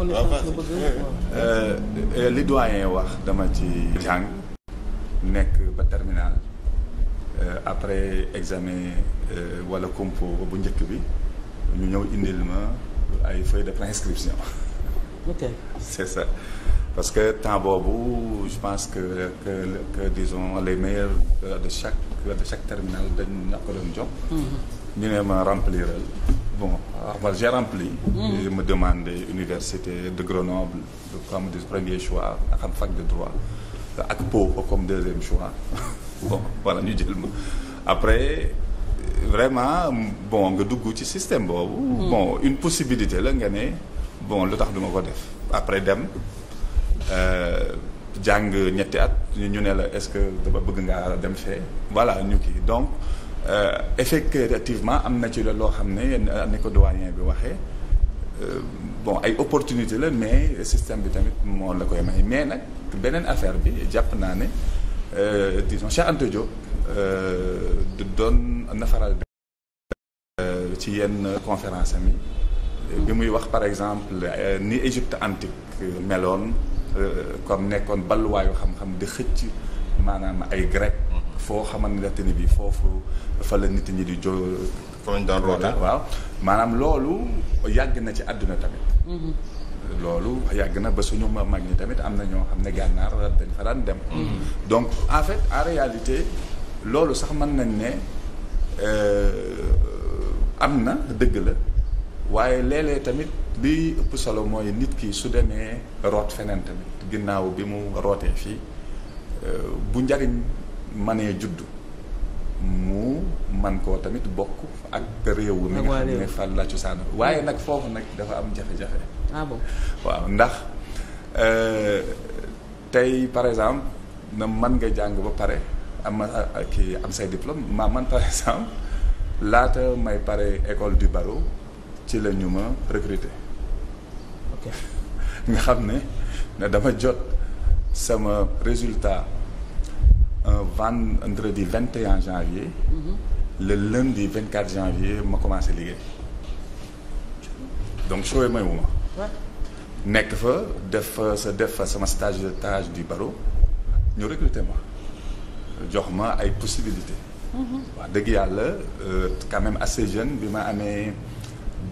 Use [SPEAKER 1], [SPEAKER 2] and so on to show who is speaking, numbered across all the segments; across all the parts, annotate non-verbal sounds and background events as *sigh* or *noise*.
[SPEAKER 1] Euh, euh, li doyen wax dama ci jàng nekk ba terminal euh, après examen wala compo bu njëkk bi ñu ñëw indil ma ay feuille de préinscription *laughs* ok c'est ça parce que temps boobu je pense que que, que disons les meilleurs de chaque de chaque terminal dañ na ko doon jox mm-hmm. ñu ne ma rempliral bon alors j'ai rempli. Mm-hmm. je me demandais université de Grenoble comme de premier choix xam fac de droit ak Pau comme deuxième choix *laughs* bon voilà ñu jël ma après vraiment bon nga dugg ci système boobu. Mm-hmm. bon une possibilité la nga ne bon lu tax duma ko def après dem. Euh, jàng ñetti at ñu ne la est-ce que dama bëgg ngaa dem fee voilà ñu kii donc. Euh, effectivement am na ci la loo xam ne euh, ni ko doyen bi waxee euh, bon ay opportunité la mais système bi tamit moo la koy may mais nag beneen affaire bi jàpp naa ne disons Cheikh Anta Diop du doon na faral ci yenn conférence mi bi muy wax par exemple ni Égypte antique meloon comme nekkoon balluwaayu xam-xam di xëcc maanaam ay grec mm. foo xamante ne bi foofu fa la nit ñi di jo fooñ daan roote waaw maanaam loolu yàgg na ci àdduna tamit mm-hmm. loolu yàgg na ba suñu mag ñi tamit am na ñoo xam ne gànnaar dañ fa daan dem mm-hmm. donc loolu sax mën nañ ne euh, am na dëgg la waaye léeg tamit liy ëpp solo mooy nit kii su demee root feneen tamit ginnaaw bi mu rootee fii euh, bu njariñ manee juddu mu man ko tamit bokk ak réew mi nga xam ne fan la cosaan waaye nag foofu nag dafa am jafe-jafe ah waaw ndax euh, tey par exemple na man nga jàng ba pare am kii am say diplôme maa man par *laughs* exemple laata may pare école du barreau ci la ñu ma recruter *laughs* nga xam ne ne dama jot sama résultat un vendredi 21 janvier. Mm -hmm. le lundi 24 janvier ma commencé liggéey. donc sooy may wu ma. nekk fa def fa sa def fa sama stage de stage du barreau ñu recruter ma jox ma ay possibilités. Mhm. wax dëgg yàlla euh, quand même assez jeune bi ma amee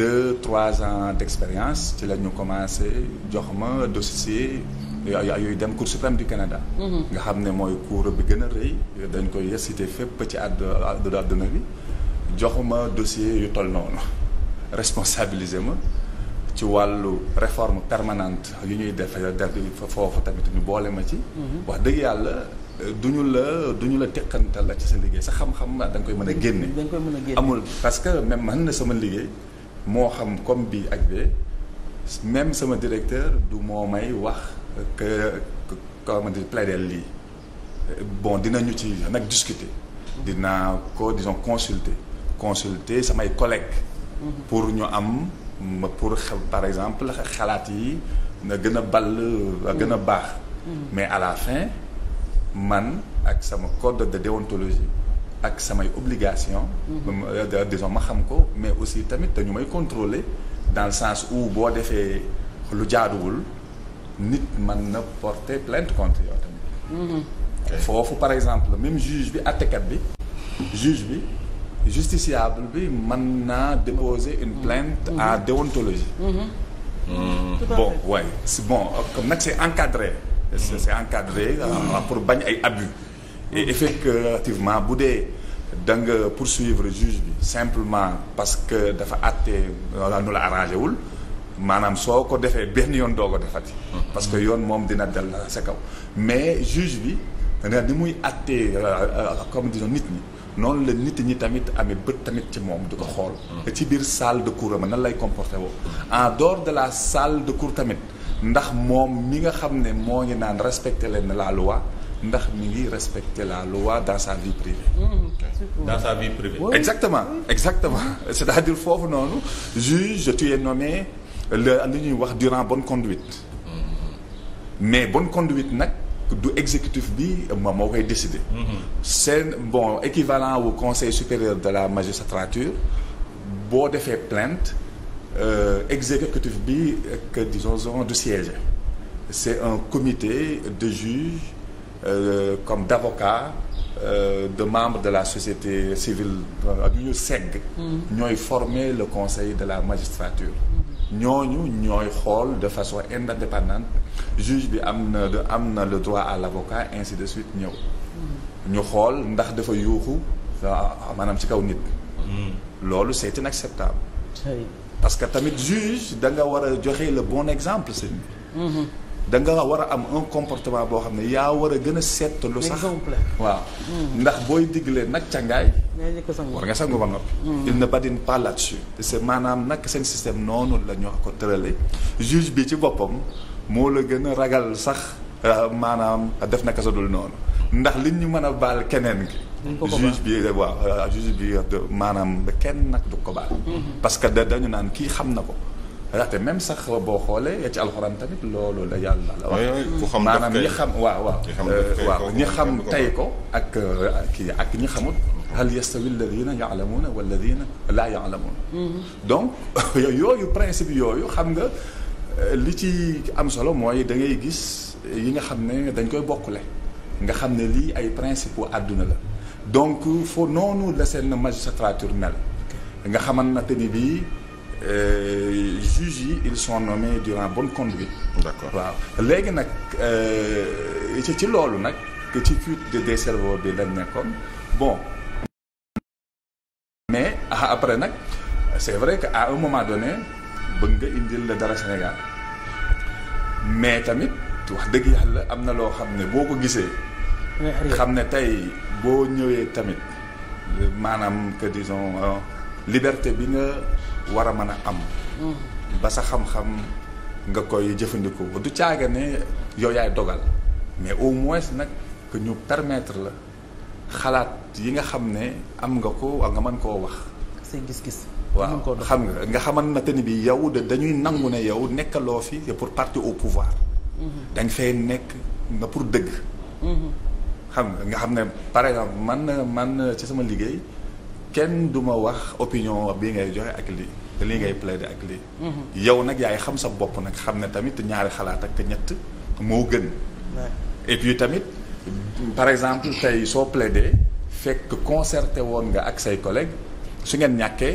[SPEAKER 1] deux trois ans d' expérience ci la ñu commencé jox ma dossier. yooyu dem cour suprême du Canada. Mhm. nga xam ne mooy cour bi gën a rëy dañ koy cité fépp ci àdd àdduna bi joxuma dossier yu toll noonu responsabiliser ma ci wàllu réforme permanente yu ñuy def foofu tamit ñu boole ma ci. Mhm. wax dëgg yàlla duñu la duñu la teqantal la ci sa liggéey sa xam-xam da koy mën a mhm. génne. da nga koy mën amul parce que même man na sama liggéey moo xam comme bii ak bee même sama directeur du moo may wax. que comment dire plaider lii bon dinañu ci nag discuter dinaa ko disons consulter consulter samay collègues mhm. pour ñu am pour par exemple xalaat yi na gën a ball gën a mhm. baax mhm. mais à la fin man ak sama code de déontologie ak samay obligation euh, disons ma xam ko mais aussi tamit dañu may contrôler dans le sens où boo defee lu jaaduwul nit man na porter plainte contre yow tamit mm-hmm. foofu par exemple même juge bi attekat bi juge bi justiciable bi man naa déposer une plainte mm à mm-hmm. déontologie mm -hmm. bon waay ouais, c'est bon comme nag c'est encadré c'est, pour bañ ay abus et effectivement bu dee da nga poursuivre juge bi simplement parce que dafa àtte nu la arrangé wul maanaam soo ko defee benn yoon doo ko defati. Mhm. parce que yoon moom dina dal sa kaw mais juge bi danga ni muy àttee euh, euh, comme di nit noonu la nit ñi tamit amee bët tamit ci moom di ko xool mhm. ci biir salle de cour ma nan lay comporté woo en dehors de la salle de cour tamit ndax moom mi nga xam ne moo ngi naan respecté leen la loi ndax mi ngi respecté la loi dans sa vie privée mmh, dans sa vie privée exactement exactement *laughs* c'est-à-dire foofu noonu juge tu es nommé la li ñuy wax durant bonne conduite mm-hmm. mais bonne conduite nag du exécutif bi moom moo koy décider mm-hmm. seen bon équivalent au conseil supérieur de la magistrature boo defee plainte euh, exécutif bi que disons du siège c'est un comité de juges euh, comme d'avocats Euh, de membre de la société civile ak euh, ñu segg mm-hmm. ñooy former le conseil de la magistrature ñooñu ñooy xool de façon indépendante juge bi am na am na le droit à l'avocat ainsi de suite ñëw ñu xool ndax dafa yuuxu ah, ah, maanaam si kaw nit hmm. loolu c'est inacceptable parce que tamit juge da nga war a joxe le bon exemple sëñ bi mm-hmm. da nga war a am un comportement boo xam ne yaa war a gën a lu sax waaw mm-hmm. ndax booy digle nag cangaay war nga sangu ba noppi mm. il ne badine pas là-dessus c'est maanaam nag seen système noonu la ñu ko tëralee juge bi ci boppam moo la gën a ragal sax euh, maanaam def na kaso dul noonu ndax li ñu mën a baal keneen gi juge bi euh, waaw euh, juge bi maanaam kenn nag du ko baal mm-hmm. parce que da dañu naan kii xam na ko ndaxte même sax boo xoolee ci alxuraan tamit loolu la yàlla la wax maanaam ñi xam waaw waaw waaw ñi xam tey ko ak kii ak ñi xamut hal yastawi alladina yaalamuuna walladina laa yaalamuuna donc *laughs* yooyu principe yooyu xam nga li ci am solo mooy da ngay gis yi nga xam ne dañ koy bokkule nga xam ne lii ay principe wu àdduna la donc foo noonu la seen magistrature mel nga xamante ni bii euh, juges yi ils sont nommés durant bonne conduite d'accord waaw léegi nag euh, ci ci loolu nag ci fuite de cerveau bi lañ nekkoon bon ah après nag c' est vrai que à un moment donné bëgg nga indil la dara Sénégal mais tamit wax dëgg yàlla am na loo xam ne boo ko gisee. xam ne tey boo ñëwee tamit maanaam que disons euh, liberté bi nga war a mën a am. Mm. ba sa xam-xam nga koy jëfandikoo du caaga ne yow yaay dogal mais au moins nag que ñu permettre la xalaat yi nga xam ne am nga ko ak nga mën koo wax. say gis-gis. waaw xam nga nga xamante ni bi yow dañuy nangu ne yow nekkaloo fi pour parti au pouvoir. Mhm. danga nga nekk nga pour dëgg. Mhm. xam nga nga xam ne par exemple man man ci sama liggéey kenn du ma wax opinion bii ngay joxe ak lii. te lii ngay plaider ak lii. Mhm. yow nag yaay xam sa bopp nag xam ne tamit ñaari xalaat ak te ñett moo gën. et puis tamit par exemple tey soo plaider fekk concerté woon nga ak say collègues. su ngeen ñàkkee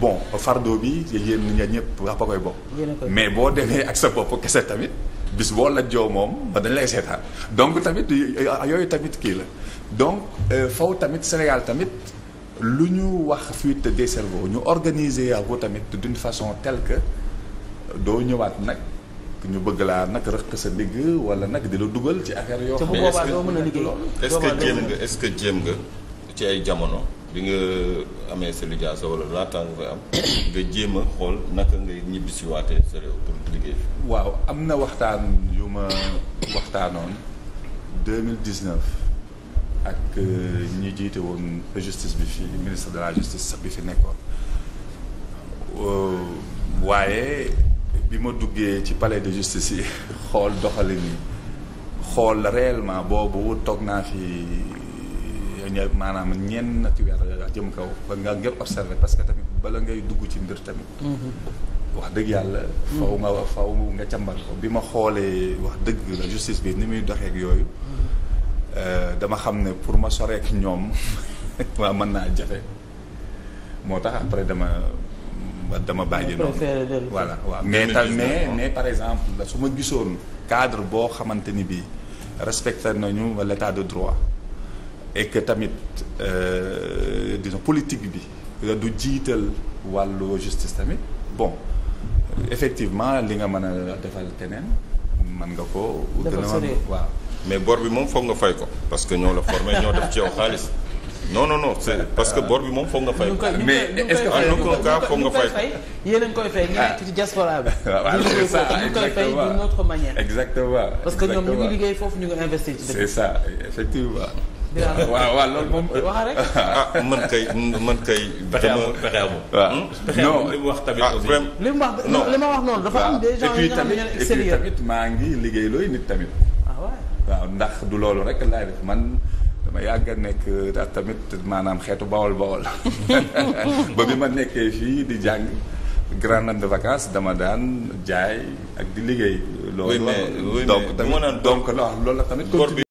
[SPEAKER 1] bon fardeau bi yéen ngeen ñëpp wax ba koy bokk. mais boo demee ak sa bopp kese tamit bis boo la moom ba dañ lay seetaan donc tamit yooyu tamit kii la donc euh, faw tamit Sénégal tamit lu ñu wax fuite des cerveaux ñu organiser ko tamit d'une façon telle que doo ñëwaat nag. ñu bëgg laa nag rëq sa digg wala nag di la dugal ci affaire yoo. xam ne est-ce que jéem nga est-ce que jéem nga ci ay jamono. bi nga amee sa lijaasa wala laataa nga koy *coughs* nga jéem a xool naka ngay ñibbisiwaatee sa réew pour liggéey fi waaw am na waxtaan yu ma waxtaanoon 2019 ak euh, ñi jiite woon justice bi fii ministre de la justice bi fi nekkoon euh, waaye bi ma duggee ci palais de justice yi *laughs* xool doxalin yi xool réellement boobu toog naa fi maanaam na ñeenti weer jëm kaw ba nga ngir observé parce que tamit bala ngay dugg ci mbir tamit. Mm-hmm. wax dëgg yàlla. faw nga faw nga càmbar ko bi ma xoolee wax dëgg la justice bi ni muy doxeek yooyu. Mm-hmm. Euh, dama xam ne pour ma soreek ñoom *laughs* waa mën naa jafe moo tax après dama dama bàyyi noonu voilà waaw mais mais par exemple su ma gisoon cadre boo xamante ni bii respecté nañu l'état de droit et tamit euh, disons politique bi du jiital wàllu justice tamit bon effectivement li nga mën a defal keneen mën nga ko gën a waaw mais bor bi moom foog nga fay ko parce que ñoo la formé ñoo def ci yow xaalis non non non c'est parce que boor bi moom foog nga fay. mais est-ce que en aucun cas nga fay. yéen a ngi koy fay ñu nekk ci *laughs* koy fay d'une autre manière. exactement parce que ñoom ñu ngi liggéey foofu ñu nga investir ci dëkk. c'est ça effectivement. waaw waaw loolu moom. wax rek *laughs* ah, man kay man kay. pexe amul waaw hmm? Hmm? non li wax ah, ma wax noonu dafa am. des gens maa ngi liggéey looy nit tamit. Ah, waaw ndax du loolu rek laay def man dama yàgg a nekk tamit maanaam xeetu bawol bawol *laughs* ba bi ma nekkee fii di jàng. grand de vacances dama daan jaay ak di liggéey. loolu donc donc loolu la tamit.